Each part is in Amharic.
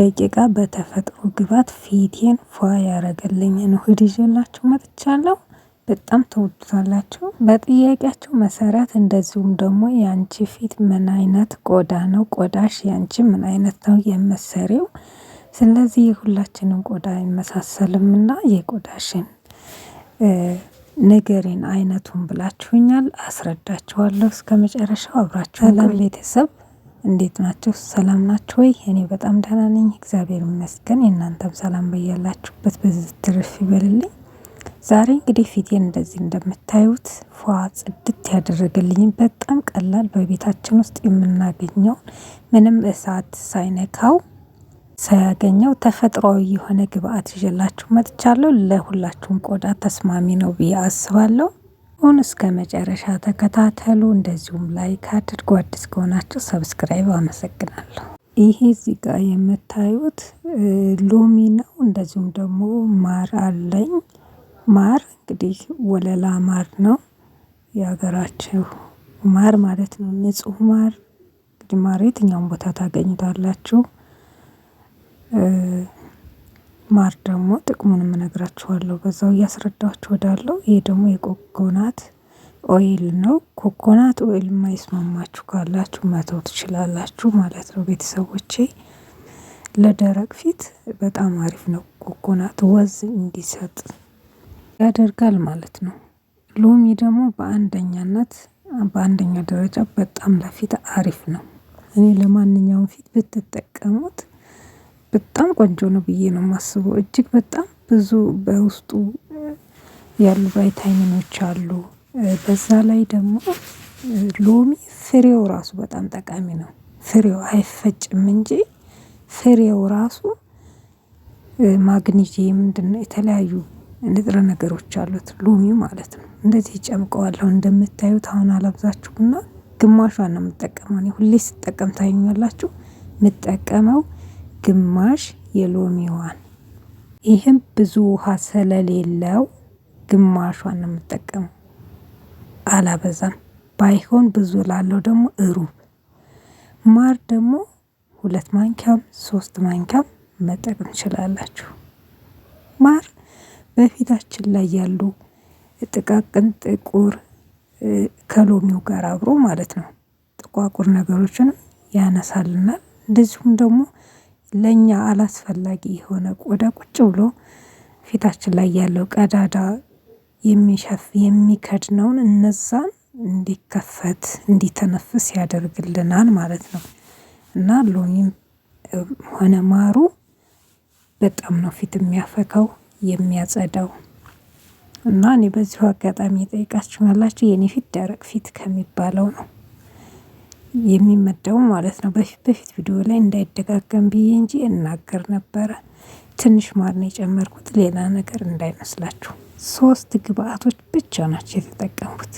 ደቂቃ በተፈጥሮ ግባት ፊቴን ፏ ያደረገልኝ ነው እሁድ ይዤላችሁ መጥቻለሁ። በጣም ተወዱታላችሁ። በጥያቄያችሁ መሰረት እንደዚሁም ደግሞ የአንቺ ፊት ምን አይነት ቆዳ ነው ቆዳሽ የአንቺ ምን አይነት ነው የምትሰሪው? ስለዚህ የሁላችንም ቆዳ አይመሳሰልምና የቆዳሽን ንገሪን አይነቱን ብላችሁኛል አስረዳችኋለሁ እስከ መጨረሻው አብራችሁ ቤተሰብ እንዴት ናችሁ? ሰላም ናችሁ ወይ? እኔ በጣም ደህና ነኝ እግዚአብሔር ይመስገን። የእናንተም ሰላም በያላችሁበት በዚህ ትርፍ ይበልልኝ። ዛሬ እንግዲህ ፊቴን እንደዚህ እንደምታዩት ፏ ጽድት ያደረገልኝ በጣም ቀላል በቤታችን ውስጥ የምናገኘው ምንም እሳት ሳይነካው ሳያገኘው ተፈጥሯዊ የሆነ ግብአት ይዤላችሁ መጥቻለሁ። ለሁላችሁም ቆዳ ተስማሚ ነው ብዬ አስባለሁ። ቪዲዮውን እስከ መጨረሻ ተከታተሉ። እንደዚሁም ላይክ አድርጎ አዲስ ከሆናችሁ ሰብስክራይብ። አመሰግናለሁ። ይሄ እዚህ ጋር የምታዩት ሎሚ ነው። እንደዚሁም ደግሞ ማር አለኝ። ማር እንግዲህ ወለላ ማር ነው የሀገራችሁ ማር ማለት ነው። ንጹህ ማር እንግዲህ ማር የትኛውን ቦታ ታገኝታላችሁ። ማር ደግሞ ጥቅሙንም እነግራችኋለሁ በዛው እያስረዳችሁ ወዳለው ይሄ ደግሞ የኮኮናት ኦይል ነው ኮኮናት ኦይል የማይስማማችሁ ካላችሁ መተው ትችላላችሁ ማለት ነው። ቤተሰቦቼ ለደረቅ ፊት በጣም አሪፍ ነው ኮኮናት ወዝ እንዲሰጥ ያደርጋል ማለት ነው። ሎሚ ደግሞ በአንደኛነት በአንደኛ ደረጃ በጣም ለፊት አሪፍ ነው። እኔ ለማንኛውም ፊት ብትጠቀሙት በጣም ቆንጆ ነው ብዬ ነው የማስበው እጅግ በጣም ብዙ በውስጡ ያሉ ቫይታሚኖች አሉ። በዛ ላይ ደግሞ ሎሚ ፍሬው ራሱ በጣም ጠቃሚ ነው። ፍሬው አይፈጭም እንጂ ፍሬው ራሱ ማግኒዤም ምንድነው የተለያዩ ንጥረ ነገሮች አሉት ሎሚ ማለት ነው። እንደዚህ ጨምቀዋለሁ እንደምታዩት አሁን አላብዛችሁና ግማሿን ነው የምጠቀመው ሁሌ ስጠቀም ታዩኛላችሁ። የምጠቀመው ግማሽ የሎሚ ውሃን ይህም ብዙ ውሃ ስለሌለው ግማሿን ነው የምጠቀመው። አላበዛም። ባይሆን ብዙ ላለው ደግሞ እሩብ ማር ደግሞ ሁለት ማንኪያም ሶስት ማንኪያም መጠቀም ትችላላችሁ። ማር በፊታችን ላይ ያሉ ጥቃቅን ጥቁር ከሎሚው ጋር አብሮ ማለት ነው ጥቋቁር ነገሮችንም ያነሳልናል። እንደዚሁም ደግሞ ለእኛ አላስፈላጊ የሆነ ቆዳ ቁጭ ብሎ ፊታችን ላይ ያለው ቀዳዳ የሚሸፍ የሚከድ ነውን እነዛን እንዲከፈት እንዲተነፍስ ያደርግልናል ማለት ነው። እና ሎሚም ሆነ ማሩ በጣም ነው ፊት የሚያፈካው የሚያጸዳው። እና እኔ በዚሁ አጋጣሚ እጠይቃችኋለሁ የኔ ፊት ደረቅ ፊት ከሚባለው ነው የሚመደቡ ማለት ነው። በፊት በፊት ቪዲዮ ላይ እንዳይደጋገም ብዬ እንጂ እናገር ነበረ። ትንሽ ማር ነው የጨመርኩት ሌላ ነገር እንዳይመስላችሁ። ሶስት ግብአቶች ብቻ ናቸው የተጠቀምኩት።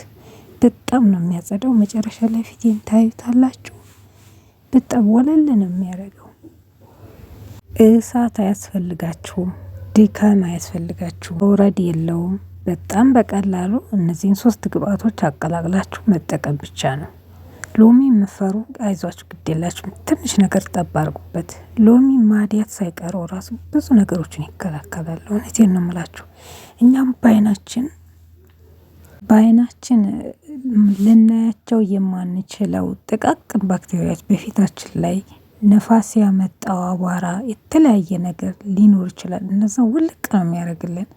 በጣም ነው የሚያጸዳው። መጨረሻ ላይ ፊቴን ታዩታላችሁ። በጣም ወለል ነው የሚያደርገው። እሳት አያስፈልጋችሁም። ድካም አያስፈልጋችሁም። መውረድ የለውም። በጣም በቀላሉ እነዚህን ሶስት ግብአቶች አቀላቅላችሁ መጠቀም ብቻ ነው። ሎሚ የምፈሩ አይዟችሁ ግድ ትንሽ ነገር ጠብ አድርጉበት። ሎሚ ማዲያት ሳይቀረው ራሱ ብዙ ነገሮችን ይከላከላል። እውነቴን ነው የምላችሁ። እኛም በአይናችን በአይናችን ልናያቸው የማንችለው ጥቃቅን ባክቴሪያዎች በፊታችን ላይ ነፋስ ያመጣው አቧራ፣ የተለያየ ነገር ሊኖር ይችላል። እነዛ ውልቅ ነው የሚያደርግልን።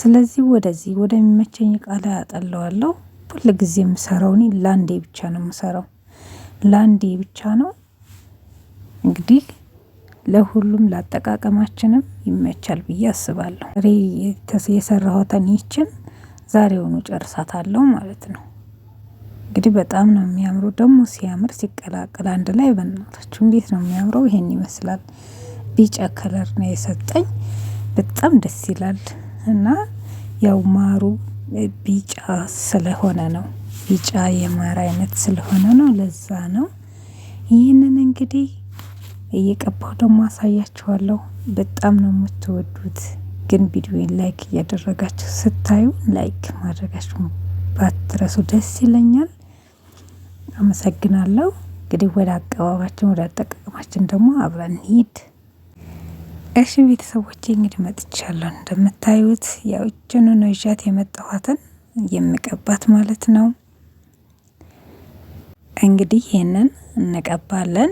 ስለዚህ ወደዚህ ወደሚመቸኝ ቃላ አጠለዋለሁ። ሁል ጊዜ የምሰራው እኔ ለአንዴ ብቻ ነው የምሰራው። ለአንዴ ብቻ ነው። እንግዲህ ለሁሉም ለአጠቃቀማችንም ይመቻል ብዬ አስባለሁ። ሬ የሰራኋትን ይችን ዛሬውኑ ጨርሳታለሁ ማለት ነው። እንግዲህ በጣም ነው የሚያምሩ። ደግሞ ሲያምር ሲቀላቀል አንድ ላይ በእናታችሁ እንዴት ነው የሚያምረው! ይሄን ይመስላል። ቢጫ ከለር ነው የሰጠኝ በጣም ደስ ይላል። እና ያው ማሩ ቢጫ ስለሆነ ነው። ቢጫ የማር አይነት ስለሆነ ነው ለዛ ነው። ይህንን እንግዲህ እየቀባሁ ደግሞ አሳያችኋለሁ። በጣም ነው የምትወዱት። ግን ቪዲዮን ላይክ እያደረጋችሁ ስታዩ ላይክ ማድረጋችሁ ባትረሱ ደስ ይለኛል። አመሰግናለሁ። እንግዲህ ወደ አቀባባችን ወደ አጠቃቀማችን ደግሞ አብረን ሂድ እሺ ቤተሰቦቼ እንግዲህ መጥቻለሁ። እንደምታዩት ያው እጅኑ ነው ይዣት የመጣኋትን የምቀባት ማለት ነው። እንግዲህ ይህንን እንቀባለን።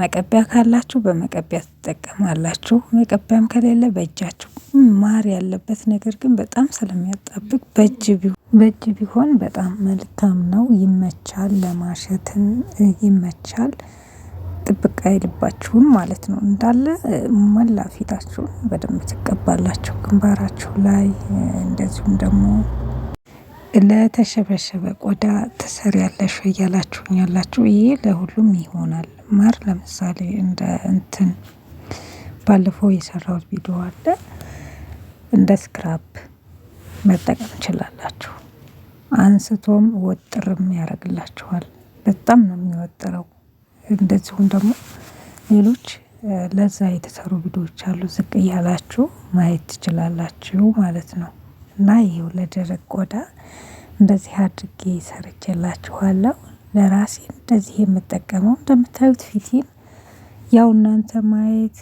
መቀቢያ ካላችሁ በመቀቢያ ትጠቀማላችሁ። መቀቢያም ከሌለ በእጃችሁ ማር ያለበት ነገር ግን በጣም ስለሚያጣብቅ በእጅ ቢሆን በጣም መልካም ነው። ይመቻል፣ ለማሸትን ይመቻል። ጥብቅ አይልባችሁም ማለት ነው። እንዳለ መላ ፊታችሁን በደንብ ትቀባላችሁ። ግንባራችሁ ላይ እንደዚሁም ደግሞ ለተሸበሸበ ቆዳ ትሰሪያለሽ እያላችሁኝ ያላችሁ ይሄ ለሁሉም ይሆናል። ማር ለምሳሌ እንደ እንትን ባለፈው የሰራሁት ቪዲዮ አለ። እንደ ስክራፕ መጠቀም ትችላላችሁ። አንስቶም ወጥርም ያደርግላችኋል። በጣም ነው የሚወጥረው። እንደዚሁም ደግሞ ሌሎች ለዛ የተሰሩ ቪዲዮዎች አሉ ዝቅ እያላችሁ ማየት ትችላላችሁ ማለት ነው። እና ይሄው ለደረቅ ቆዳ እንደዚህ አድርጌ ሰርቼላችኋለሁ። ለራሴ እንደዚህ የምጠቀመው እንደምታዩት ፊቴን ያው እናንተ ማየት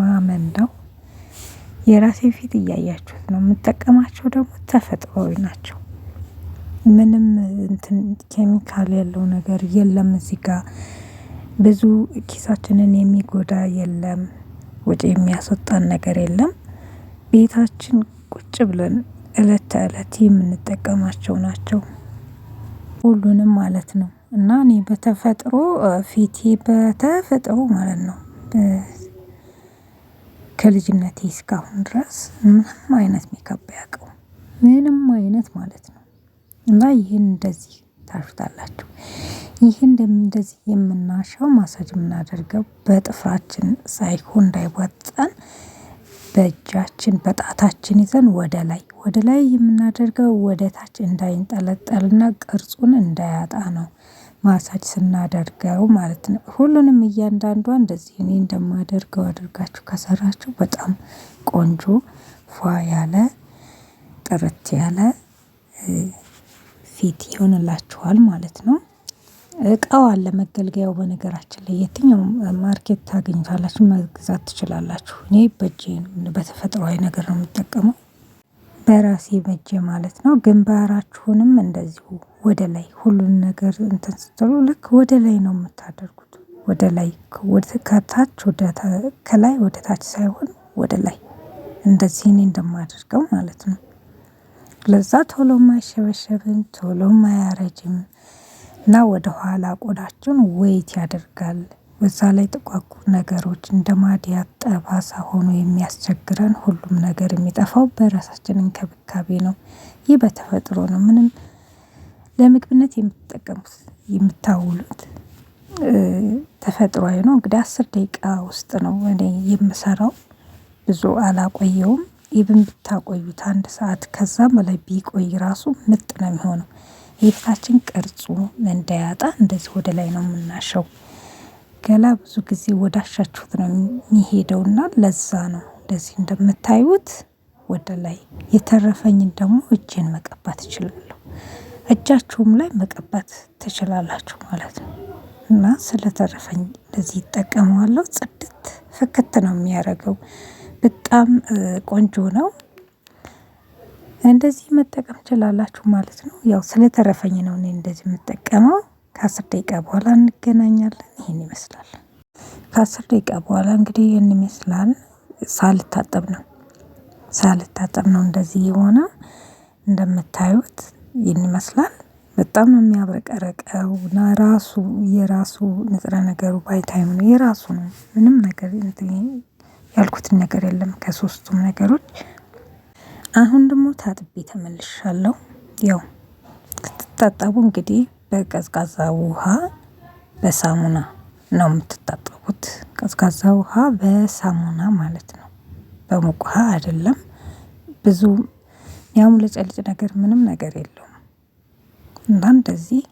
ማመን ነው። የራሴ ፊት እያያችሁት ነው። የምጠቀማቸው ደግሞ ተፈጥሯዊ ናቸው። ምንም እንትን ኬሚካል ያለው ነገር የለም እዚህ ጋር ብዙ ኪሳችንን የሚጎዳ የለም፣ ወጪ የሚያስወጣን ነገር የለም። ቤታችን ቁጭ ብለን እለት ተእለት የምንጠቀማቸው ናቸው ሁሉንም ማለት ነው። እና እኔ በተፈጥሮ ፊቴ በተፈጥሮ ማለት ነው ከልጅነቴ እስካሁን ድረስ ምንም አይነት ሜካፕ አያውቀውም ምንም አይነት ማለት ነው። እና ይህን እንደዚህ ታሹታላችሁ። ይህ እንደዚህ የምናሻው ማሳጅ የምናደርገው በጥፍራችን ሳይሆን እንዳይቧጠን በእጃችን በጣታችን ይዘን ወደ ላይ ወደ ላይ የምናደርገው ወደ ታች እንዳይንጠለጠልና ቅርጹን እንዳያጣ ነው። ማሳጅ ስናደርገው ማለት ነው። ሁሉንም እያንዳንዷ እንደዚህ እኔ እንደማደርገው አድርጋችሁ ከሰራችሁ በጣም ቆንጆ ፏ ያለ ጥርት ያለ ፊት ይሆንላችኋል ማለት ነው። እቃው አለ መገልገያው በነገራችን ላይ የትኛው ማርኬት ታገኙታላችሁ መግዛት ትችላላችሁ እኔ በእጄ በተፈጥሯዊ ነገር ነው የምጠቀመው። በራሴ በእጄ ማለት ነው ግንባራችሁንም እንደዚሁ ወደ ላይ ሁሉን ነገር እንትን ስትሉ ልክ ወደ ላይ ነው የምታደርጉት ወደ ላይ ከታች ከላይ ወደ ታች ሳይሆን ወደ ላይ እንደዚህ እኔ እንደማደርገው ማለት ነው። ለዛ ቶሎም አይሸበሸብም ቶሎም አያረጅም እና ወደኋላ ቆዳችን ወይት ያደርጋል በዛ ላይ ጥቋቁር ነገሮች እንደ ማድያት ጠባሳ ሆኖ የሚያስቸግረን ሁሉም ነገር የሚጠፋው በራሳችን እንክብካቤ ነው። ይህ በተፈጥሮ ነው ምንም ለምግብነት የምትጠቀሙት የምታውሉት ተፈጥሮአዊ ነው። እንግዲህ አስር ደቂቃ ውስጥ ነው እኔ የምሰራው ብዙ አላቆየውም ይብን ብታቆዩት አንድ ሰዓት ከዛም በላይ ቢቆይ ራሱ ምጥ ነው የሚሆነው የፊታችን ቅርጹ እንዳያጣ እንደዚህ ወደ ላይ ነው የምናሸው። ገላ ብዙ ጊዜ ወዳሻችሁት ነው የሚሄደውና ለዛ ነው እንደዚህ እንደምታዩት ወደ ላይ። የተረፈኝን ደግሞ እጄን መቀባት እችላለሁ። እጃችሁም ላይ መቀባት ትችላላችሁ ማለት ነው። እና ስለተረፈኝ እንደዚህ ይጠቀመዋለሁ። ጽድት ፍክት ነው የሚያደርገው። በጣም ቆንጆ ነው። እንደዚህ መጠቀም ትችላላችሁ ማለት ነው። ያው ስለተረፈኝ ነው እኔ እንደዚህ የምጠቀመው። ከአስር ደቂቃ በኋላ እንገናኛለን። ይህን ይመስላል። ከአስር ደቂቃ በኋላ እንግዲህ ይህን ይመስላል። ሳልታጠብ ነው ሳልታጠብ ነው እንደዚህ የሆነ እንደምታዩት ይህን ይመስላል። በጣም ነው የሚያብረቀረቀው ና ራሱ የራሱ ንጥረ ነገሩ ባይታይም ነው የራሱ ነው። ምንም ነገር ያልኩትን ነገር የለም ከሶስቱም ነገሮች አሁን ደግሞ ታጥቤ ተመልሻለሁ። ያው ስትታጠቡ እንግዲህ በቀዝቃዛ ውሃ በሳሙና ነው የምትታጠቡት ቀዝቃዛ ውሃ በሳሙና ማለት ነው። በሙቅ ውሃ አይደለም። ብዙም ለጨልጭ ነገር ምንም ነገር የለውም። እና እንደዚህ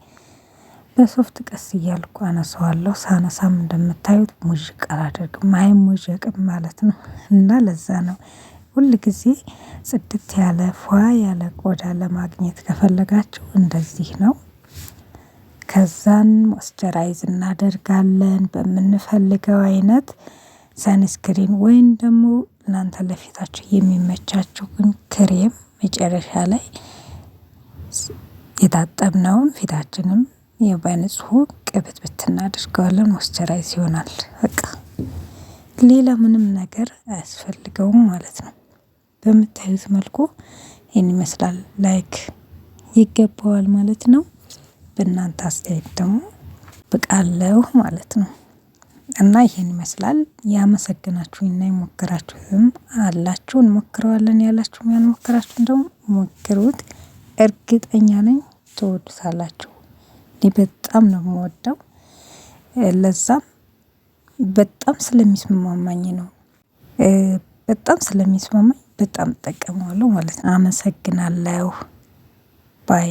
በሶፍት ቀስ እያልኩ አነሳዋለሁ ሳነሳም እንደምታዩት ሙዥቅ አላደርግም አይሙዠቅም ማለት ነው። እና ለዛ ነው ሁል ጊዜ ጽድት ያለ ፏ ያለ ቆዳ ለማግኘት ከፈለጋችሁ እንደዚህ ነው። ከዛን ሞስቸራይዝ እናደርጋለን በምንፈልገው አይነት ሰንስክሪን ወይም ደግሞ እናንተ ለፊታችሁ የሚመቻችሁን ክሬም መጨረሻ ላይ የታጠብነውን ፊታችንም በንጹህ ቅብትብት ብትናደርገዋለን ሞስቸራይዝ ይሆናል። በቃ ሌላ ምንም ነገር አያስፈልገውም ማለት ነው። በምታዩት መልኩ ይህን ይመስላል ላይክ ይገባዋል ማለት ነው። በእናንተ አስተያየት ደግሞ ብቃለሁ ማለት ነው። እና ይሄን ይመስላል እና የሞከራችሁትም አላችሁ እንሞክረዋለን ያላችሁም ያልሞከራችሁም ደግሞ ሞክሩት። እርግጠኛ ነኝ ትወዱታላችሁ። እኔ በጣም ነው የምወደው። ለዛም በጣም ስለሚስማማኝ ነው። በጣም ስለሚስማማኝ በጣም እጠቀመዋለሁ ማለት ነው። አመሰግናለሁ ባይ